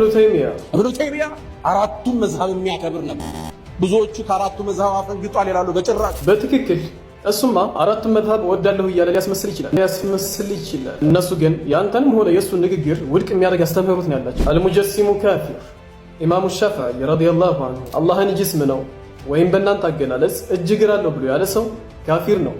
ኢብኑ ተይሚያ አራቱን መዝሃብ የሚያከብር ነበር። ብዙዎቹ ከአራቱ መዝሃብ አፈንግጧል ይላሉ። በጭራሽ በትክክል እሱማ አራቱን መዝሃብ ወዳለሁ እያለ ሊያስመስል ይችላል ሊያስመስል ይችላል። እነሱ ግን የአንተንም ሆነ የእሱን ንግግር ውድቅ የሚያደርግ አስተምህሮት ነው ያላቸው። አልሙጀሲሙ ካፊር ኢማሙ ሻፍዒ ረዲየላሁ አንሁ አላህን ጅስም ነው ወይም በእናንተ አገላለጽ እጅ እግር አለው ብሎ ያለ ሰው ካፊር ነው፣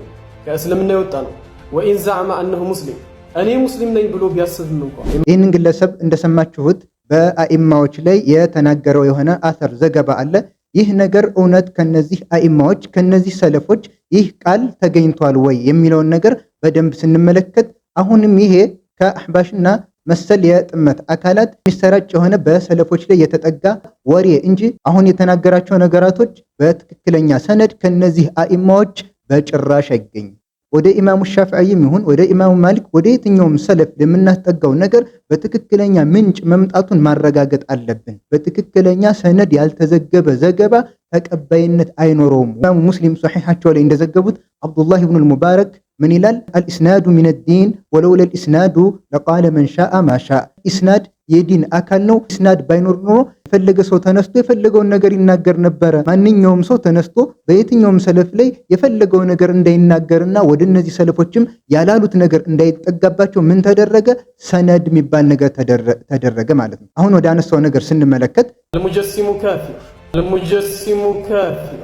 ከእስልምና የወጣ ነው። ወኢን ዛዕማ አነሁ ሙስሊም እኔ ሙስሊም ነኝ ብሎ ቢያስብም እንኳ ይህንን ግለሰብ እንደሰማችሁት በአኢማዎች ላይ የተናገረው የሆነ አሰር ዘገባ አለ። ይህ ነገር እውነት ከነዚህ አኢማዎች ከነዚህ ሰለፎች ይህ ቃል ተገኝቷል ወይ የሚለውን ነገር በደንብ ስንመለከት አሁንም ይሄ ከአሕባሽና መሰል የጥመት አካላት የሚሰራጭ የሆነ በሰለፎች ላይ የተጠጋ ወሬ እንጂ አሁን የተናገራቸው ነገራቶች በትክክለኛ ሰነድ ከነዚህ አኢማዎች በጭራሽ አይገኝም። ወደ ኢማሙ ሻፍዓይም ይሁን ወደ ኢማሙ ማሊክ ወደ የትኛውም ሰለፍ የምናስጠጋው ነገር በትክክለኛ ምንጭ መምጣቱን ማረጋገጥ አለብን። በትክክለኛ ሰነድ ያልተዘገበ ዘገባ ተቀባይነት አይኖረውም። ኢማሙ ሙስሊም ሶሒሓቸው ላይ እንደዘገቡት አብዱላህ ብኑል ሙባረክ ምን ይላል? አልኢስናዱ ሚን ዲን ወለውለ ልኢስናዱ ለቃለ መንሻአ ማሻ። ኢስናድ የዲን አካል ነው። ኢስናድ ባይኖር ኖሮ የፈለገ ሰው ተነስቶ የፈለገውን ነገር ይናገር ነበረ። ማንኛውም ሰው ተነስቶ በየትኛውም ሰለፍ ላይ የፈለገው ነገር እንዳይናገርና ወደ እነዚህ ሰለፎችም ያላሉት ነገር እንዳይጠጋባቸው ምን ተደረገ? ሰነድ የሚባል ነገር ተደረገ ማለት ነው። አሁን ወደ አነሳው ነገር ስንመለከት አልሙጀሲሙ ካፊር፣ አልሙጀሲሙ ካፊር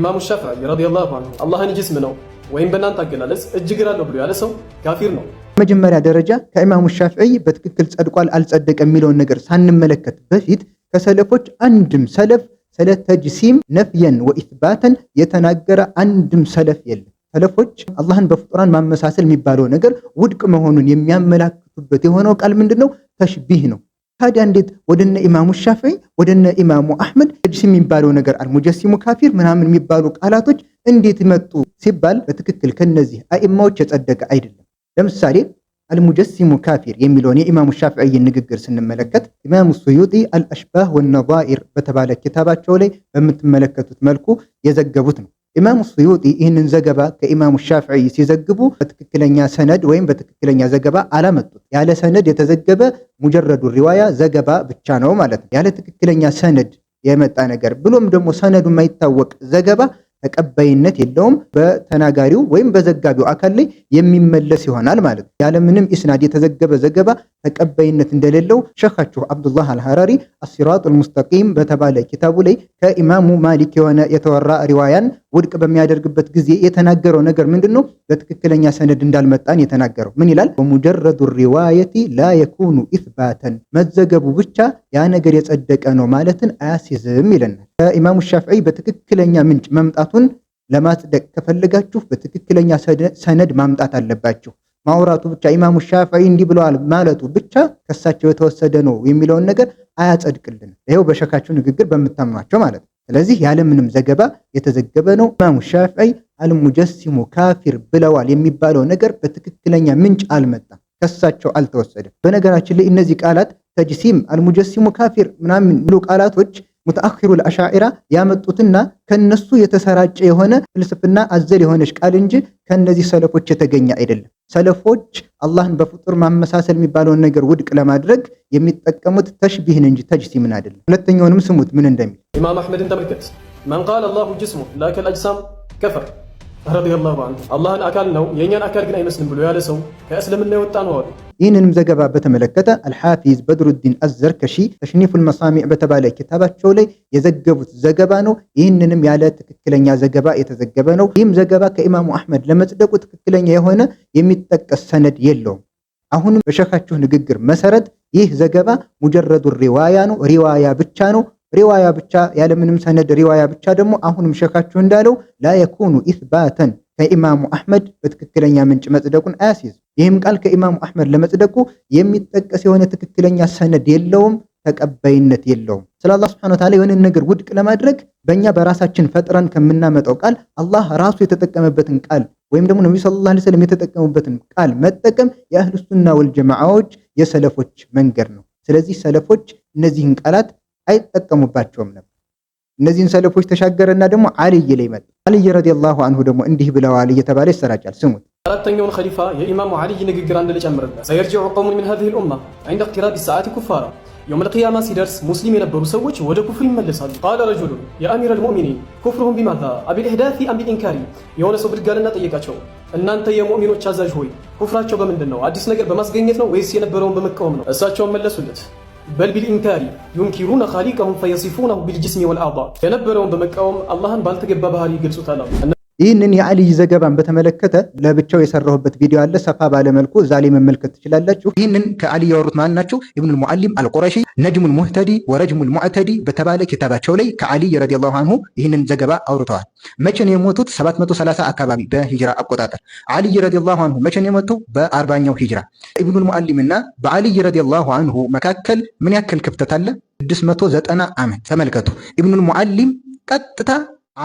ኢማሙ ሻፍዒ ረዲየላሁ አንሁ አላህን ጅስም ነው ወይም በእናንተ አገላለጽ እጅግ እላለሁ ብሎ ያለ ሰው ካፊር ነው። መጀመሪያ ደረጃ ከኢማሙ ሻፍዕይ በትክክል ጸድቋል አልጸደቀ የሚለውን ነገር ሳንመለከት በፊት ከሰለፎች አንድም ሰለፍ ስለ ተጅሲም ነፍየን ወኢትባተን የተናገረ አንድም ሰለፍ የለም። ሰለፎች አላህን በፍጡራን ማመሳሰል የሚባለው ነገር ውድቅ መሆኑን የሚያመላክቱበት የሆነው ቃል ምንድን ነው? ተሽቢህ ነው። ታዲያ እንዴት ወደነ ኢማሙ ሻፍዒ ወደነ ኢማሙ አሕመድ ተጅሲም የሚባለው ነገር አልሙጀሲሙ ካፊር ምናምን የሚባሉ ቃላቶች እንዴት መጡ ሲባል በትክክል ከነዚህ አኢማዎች የጸደቀ አይደለም። ለምሳሌ አልሙጀሲሙ ካፊር የሚለውን የኢማሙ ሻፍዕይን ንግግር ስንመለከት ኢማሙ ሱዩጢ አልአሽባህ ወነቫኢር በተባለ ኪታባቸው ላይ በምትመለከቱት መልኩ የዘገቡት ነው። ኢማሙ ሱዩጢ ይህንን ዘገባ ከኢማሙ ሻፍዕይ ሲዘግቡ በትክክለኛ ሰነድ ወይም በትክክለኛ ዘገባ አላመጡት። ያለ ሰነድ የተዘገበ ሙጀረዱ ሪዋያ ዘገባ ብቻ ነው ማለት ነው። ያለ ትክክለኛ ሰነድ የመጣ ነገር ብሎም ደግሞ ሰነዱ የማይታወቅ ዘገባ ተቀባይነት የለውም። በተናጋሪው ወይም በዘጋቢው አካል ላይ የሚመለስ ይሆናል ማለት ነው። ያለምንም ኢስናድ የተዘገበ ዘገባ ተቀባይነት እንደሌለው ሸኻችሁ አብዱላህ አልሐራሪ አሲራጡል ሙስተቂም በተባለ ኪታቡ ላይ ከኢማሙ ማሊክ የሆነ የተወራ ሪዋያን ውድቅ በሚያደርግበት ጊዜ የተናገረው ነገር ምንድን ነው? በትክክለኛ ሰነድ እንዳልመጣን የተናገረው ምን ይላል? በሙጀረዱ ሪዋየቲ ላ የኩኑ ኢስባተን መዘገቡ ብቻ ያ ነገር የጸደቀ ነው ማለትን አያስይዝም ይለናል። ከኢማሙ ሻፍዒ በትክክለኛ ምንጭ መምጣቱን ለማጽደቅ ከፈለጋችሁ በትክክለኛ ሰነድ ማምጣት አለባችሁ። ማውራቱ ብቻ ኢማሙ ሻፍዒ እንዲህ ብለዋል ማለቱ ብቻ ከሳቸው የተወሰደ ነው የሚለውን ነገር አያጸድቅልን። ይኸው በሸካችሁ ንግግር በምታምኗቸው ማለት ነው። ስለዚህ ያለምንም ዘገባ የተዘገበ ነው። ኢማሙ ሻፍዒ አልሙጀሲሙ ካፊር ብለዋል የሚባለው ነገር በትክክለኛ ምንጭ አልመጣም፣ ከሳቸው አልተወሰደም። በነገራችን ላይ እነዚህ ቃላት ተጅሲም፣ አልሙጀሲሙ ካፊር ምናምን ብሎ ቃላቶች ሙተአኪሩ አሻዒራ ያመጡትና ከነሱ የተሰራጨ የሆነ ፍልስፍና አዘል የሆነች ቃል እንጂ ከነዚህ ሰለፎች የተገኘ አይደለም። ሰለፎች አላህን በፍጡር ማመሳሰል የሚባለውን ነገር ውድቅ ለማድረግ የሚጠቀሙት ተሽቢህን እንጂ ተጅሲምን አይደለም። ሁለተኛውንም ስሙት ምን እንደሚል ኢማም አሕመድን ተመልከት። መን ቃለ አላሁ ጅስሙ ላከል አጅሳም ከፈር ረዲየላሁ አንሁ። አላህን አካል ነው የእኛን አካል ግን አይመስልም ብሎ ያለ ሰው ከእስልምና የወጣ ነው አሉ ይህንንም ዘገባ በተመለከተ አልሓፊዝ በድሩዲን አዘርከሺ ተሽኒፉል መሳሚ በተባለ ኪታባቸው ላይ የዘገቡት ዘገባ ነው። ይህንንም ያለ ትክክለኛ ዘገባ የተዘገበ ነው። ይህም ዘገባ ከኢማሙ አሕመድ ለመጽደቁ ትክክለኛ የሆነ የሚጠቀስ ሰነድ የለውም። አሁንም በሸካችሁ ንግግር መሰረት ይህ ዘገባ ሙጀረዱ ሪዋያ ነው። ሪዋያ ብቻ ነው። ሪዋያ ብቻ ያለምንም ሰነድ ሪዋያ ብቻ ደግሞ አሁንም ሸካችሁ እንዳለው ላ የኩኑ ኢስባተን ከኢማሙ አሕመድ በትክክለኛ ምንጭ መጽደቁን አያስይዝ። ይህም ቃል ከኢማሙ አሕመድ ለመጽደቁ የሚጠቀስ የሆነ ትክክለኛ ሰነድ የለውም፣ ተቀባይነት የለውም። ስለ አላህ ሱብሓነሁ ወተዓላ የሆነን ነገር ውድቅ ለማድረግ በእኛ በራሳችን ፈጥረን ከምናመጣው ቃል አላህ ራሱ የተጠቀመበትን ቃል ወይም ደግሞ ነቢዩ ሰለላሁ ዐለይሂ ወሰለም የተጠቀሙበትን ቃል መጠቀም የአህሉ ሱና ወል ጀማዓዎች የሰለፎች መንገድ ነው። ስለዚህ ሰለፎች እነዚህን ቃላት አይጠቀሙባቸውም ነበር። እነዚህን ሰለፎች ተሻገረና ደግሞ አልይ ላይ መጣ። አልይ ረዲየላሁ አንሁ ደግሞ እንዲህ ብለዋል እየተባለ ይሰራጫል። ስሙት አራተኛውን ኸሊፋ የኢማሙ ዓሊይ ንግግር አንድ ልጨምርበት። ሰየርጅዑ ቀውሙን ሚን ሃዚሂል ኡማ ዐንደ እቅትራቢ ሰዓቲ ኩፋራ፣ የውመል ቂያማ ሲደርስ ሙስሊም የነበሩ ሰዎች ወደ ኩፍር ይመለሳሉ። ቃለ ረጁሉን የአሚረል ሙእሚኒን ኩፍሩሁም ቢማዛ አቢል ኢሕዳፊ አም ቢል ኢንካሪ፣ የሆነ ሰው ብድጋልና ጠየቃቸው፣ እናንተ የሙእሚኖች አዛዥ ሆይ ኩፍራቸው በምንድን ነው? አዲስ ነገር በማስገኘት ነው ወይስ የነበረውን በመቃወም ነው? እሳቸውን መለሱለት በል ቢልኢንካሪ ዩንኪሩነ ኻሊቀሁም ፈየሲፉነሁ ቢልጅስሚ ወልአዕዳ፣ የነበረውን በመቃወም አላህን ባልተገባ ባህሪ ይገልጹታል። ይህንን የአልይ ዘገባን በተመለከተ ለብቻው የሰራሁበት ቪዲዮ አለ። ሰፋ ባለመልኩ እዛ ላይ መመልከት ትችላላችሁ። ይህንን ከአልይ ያወሩት ማን ናቸው? ኢብኑል ሙዓሊም አልቁረሺ ነጅሙል ሙህተዲ ወረጅሙል ሙዕተዲ በተባለ ኪታባቸው ላይ ከአልይ ረዲየላሁ አንሁ ይህንን ዘገባ አውርተዋል። መቼ ነው የሞቱት? 730 አካባቢ በሂጅራ አቆጣጠር። አልይ ረዲየላሁ አንሁ መቼ ነው የሞቱ? በአርባኛው ሂጅራ። ኢብኑል ሙዓሊም እና በአልይ ረዲየላሁ አንሁ መካከል ምን ያክል ክፍተት አለ? 690 ዓመት። ተመልከቱ ኢብኑል ሙዓሊም ቀጥታ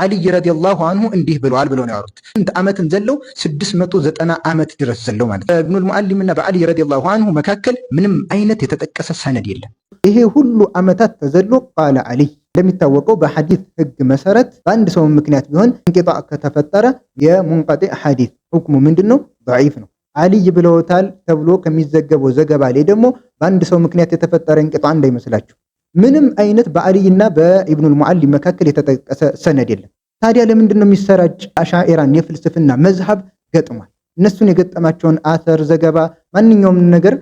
አልይ ረዲየላሁ አንሁ እንዲህ ብለዋል ብለው ነው ያወሩት። ስንት ዓመትን ዘለው ስድስት ዘጠና ዓመት ድረስ ዘለው ማለት ነው። በኢብኑል ሙዓሊም በአልይ ረዲየላሁ አንሁ መካከል ምንም አይነት የተጠቀሰ ሰነድ የለም። ይሄ ሁሉ ዓመታት ተዘሎ ቃለ አልይ። እንደሚታወቀው በሐዲት ህግ መሰረት በአንድ ሰው ምክንያት ቢሆን እንቅጣ ከተፈጠረ የሙንቀጢዕ ሐዲት ሁክሙ ምንድን ነው? ضعيف ነው። አልይ ብለውታል ተብሎ ከሚዘገበው ዘገባ ላይ ደግሞ በአንድ ሰው ምክንያት የተፈጠረ እንቅጣ እንዳይመስላችሁ ምንም አይነት በአልይና በኢብኑል ሙዓሊ መካከል የተጠቀሰ ሰነድ የለም። ታዲያ ለምንድን ነው የሚሰራጭ አሻኢራን የፍልስፍና መዝሃብ ገጥሟል። እነሱን የገጠማቸውን አተር ዘገባ፣ ማንኛውም ነገር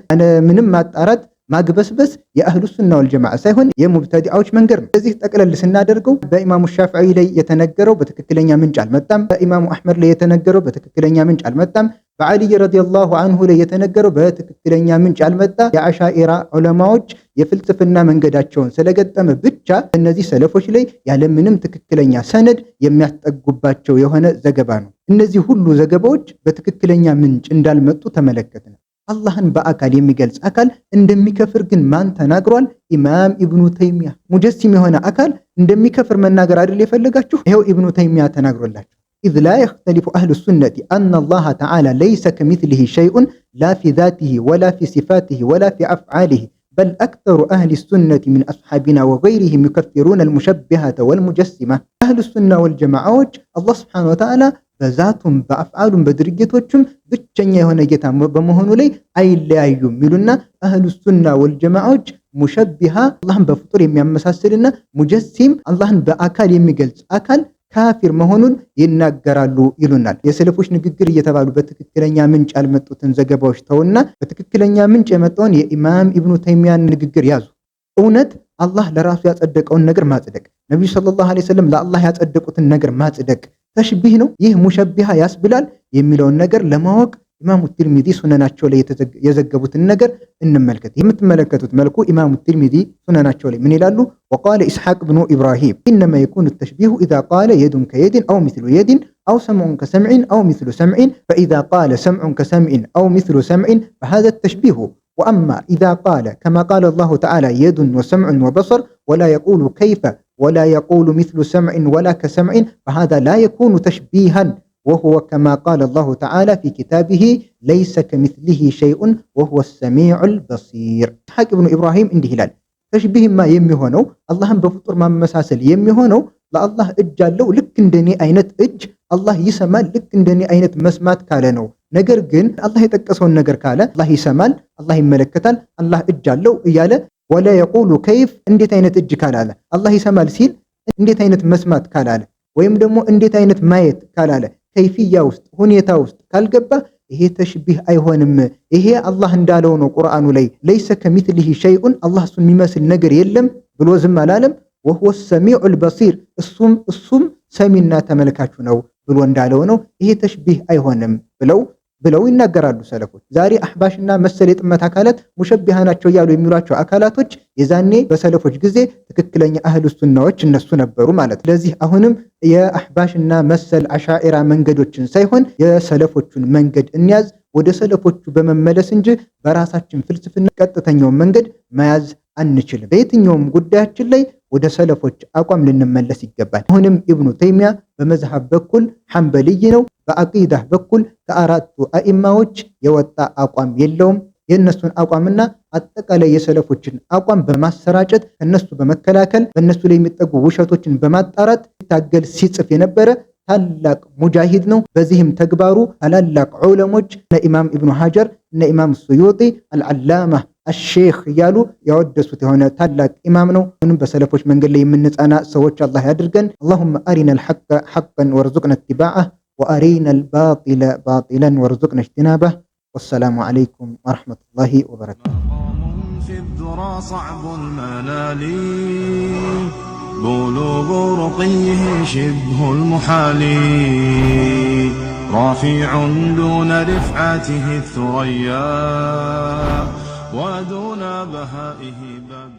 ምንም ማጣራት ማግበስበስ የአህሉ ሱና ወልጀማዓ ሳይሆን የሙብተዲዓዎች መንገድ ነው። ስለዚህ ጠቅለል ስናደርገው በኢማሙ ሻፍዒ ላይ የተነገረው በትክክለኛ ምንጭ አልመጣም። በኢማሙ አሕመድ ላይ የተነገረው በትክክለኛ ምንጭ አልመጣም። በአልይ ረዲየላሁ አንሁ ላይ የተነገረው በትክክለኛ ምንጭ ያልመጣ የአሻኢራ ዑለማዎች የፍልስፍና መንገዳቸውን ስለገጠመ ብቻ እነዚህ ሰለፎች ላይ ያለምንም ትክክለኛ ሰነድ የሚያስጠጉባቸው የሆነ ዘገባ ነው። እነዚህ ሁሉ ዘገባዎች በትክክለኛ ምንጭ እንዳልመጡ ተመለከትን። አላህን በአካል የሚገልጽ አካል እንደሚከፍር ግን ማን ተናግሯል? ኢማም ኢብኑ ተይሚያ ሙጀሲም የሆነ አካል እንደሚከፍር መናገር አይደል የፈለጋችሁ? ይኸው ኢብኑ ተይሚያ ተናግሮላችሁ إذ لا يختلف أهل السنة أن الله تعالى ليس كمثله شيء لا في ذاته ولا في صفاته ولا في أفعاله بل أكثر أهل السنة من أصحابنا وغيرهم يكفرون المشبهة والمجسمة أهل السنة والجماعة الله سبحانه وتعالى በዛቱም በአፍዓሉም በድርጊቶቹም ብቸኛ የሆነ ጌታ በመሆኑ ላይ አይለያዩም የሚሉና አህሉ ሱና ወልጀማዓዎች ሙሸቢሃ አላህን በፍጡር የሚያመሳስልና مجسم اللهم በአካል የሚገልጽ أكال ካፊር መሆኑን ይናገራሉ ይሉናል። የሰለፎች ንግግር እየተባሉ በትክክለኛ ምንጭ ያልመጡትን ዘገባዎች ተውና በትክክለኛ ምንጭ የመጣውን የኢማም ኢብኑ ተይሚያን ንግግር ያዙ። እውነት አላህ ለራሱ ያጸደቀውን ነገር ማጽደቅ፣ ነቢዩ ሰለላሁ ዐለይሂ ወሰለም ለአላህ ያጸደቁትን ነገር ማጽደቅ ተሽቢህ ነው፣ ይህ ሙሸቢሃ ያስብላል የሚለውን ነገር ለማወቅ ኢማሙ ትርሚዚ ሱነናቸው ላይ የዘገቡትን ነገር እንመልከት። የምትመለከቱት መልኩ ኢማሙ ትርሚዚ ሱነናቸው ላይ ምን ይላሉ? ወቃለ ኢስሐቅ ብኑ ኢብራሂም ኢነማ የኩኑ ተሽቢሁ ኢዛ ቃለ የዱን ከየድን አው ምስሉ የድን አው ሰምዑን ከሰምዒን አው ምስሉ ሰምዒን ፈኢዛ ቃለ ሰምዑን ከሰምዒን አው ምስሉ ሰምዒን ፈሃዘ ተሽቢሁ ወአማ ኢዛ ቃለ ከማ ቃለ አላሁ ተዓላ የዱን ወሰምዑን ወበሰር ወላ የቁሉ ከይፈ ወላ የቁሉ ምስሉ ሰምዒን ወላ ከሰምዒን ፈሃዛ ላ የኩኑ ተሽቢሃን ወሁወ ከማ ቃለ አላሁ ተዓላ ፊ ኪታቢሂ ለይሰ ከሚትሊሂ ሸይኡን ወሁወ ሰሚዑል በሲር። ኢስሐቅ ብኑ ኢብራሂም እንዲህ ይላል፣ ተሽቢህማ የሚሆነው አላህን በፍጡር ማመሳሰል የሚሆነው ለአላህ እጅ አለው ልክ እንደኔ አይነት እጅ አላህ ይሰማል ልክ እንደኔ አይነት መስማት ካለ ነው። ነገር ግን አላህ የጠቀሰውን ነገር ካለ አላህ ይሰማል፣ አላህ ይመለከታል፣ አላህ እጅ አለው እያለ ወላ የቁሉ ከይፍ እንዴት አይነት እጅ ካላለ አላህ ይሰማል ሲል እንዴት አይነት መስማት ካላለ ወይም ደግሞ እንዴት አይነት ማየት ካላለ ከይፍያ ውስጥ ሁኔታ ውስጥ ካልገባ ይሄ ተሽቢህ አይሆንም። ይሄ አላህ እንዳለው ነው። ቁርአኑ ላይ ለይሰ ከሚትሊሂ ሸይኡን አላህ እሱን የሚመስል ነገር የለም ብሎ ዝም አላለም። ወሁወ ሰሚዑል በሲር እሱም እሱም ሰሚና ተመልካቹ ነው ብሎ እንዳለው ነው። ይሄ ተሽቢህ አይሆንም ብለው ብለው ይናገራሉ ሰለፎች። ዛሬ አህባሽና መሰል የጥመት አካላት ሙሸቢሃ ናቸው እያሉ የሚሏቸው አካላቶች የዛኔ በሰለፎች ጊዜ ትክክለኛ አህል ሱናዎች እነሱ ነበሩ ማለት ነው። ስለዚህ አሁንም የአህባሽና መሰል አሻኤራ መንገዶችን ሳይሆን የሰለፎቹን መንገድ እንያዝ፣ ወደ ሰለፎቹ በመመለስ እንጂ በራሳችን ፍልስፍና ቀጥተኛውን መንገድ መያዝ አንችልም። በየትኛውም ጉዳያችን ላይ ወደ ሰለፎች አቋም ልንመለስ ይገባል። አሁንም ኢብኑ ተይሚያ በመዝሐብ በኩል ሐንበልይ ነው። በአቂዳ በኩል ከአራቱ አኢማዎች የወጣ አቋም የለውም። የእነሱን አቋምና አጠቃላይ የሰለፎችን አቋም በማሰራጨት ከነሱ በመከላከል በእነሱ ላይ የሚጠጉ ውሸቶችን በማጣራት ሲታገል ሲጽፍ የነበረ ታላቅ ሙጃሂድ ነው። በዚህም ተግባሩ ታላላቅ ዑለሞች እነ ኢማም ኢብኑ ሐጀር፣ እነ ኢማም ሱዩጢ፣ አልዓላማ አሼክ እያሉ ያወደሱት የሆነ ታላቅ ኢማም ነው። አሁንም በሰለፎች መንገድ ላይ የምንጸና ሰዎች አላህ ያድርገን። አላሁመ አሪና ልሐቀ ሐቀን ወርዙቅነ እትባዐህ ወአሪና ልባጢለ ባጢለን ወርዙቅነ እጅትናባህ። ወሰላሙ ዓለይኩም ወረሕመቱላሂ ወበረካቱ። صعب المنال بلوغ رقيه شبه المحال رافع دون رفعته الثريا ودون بهائه باب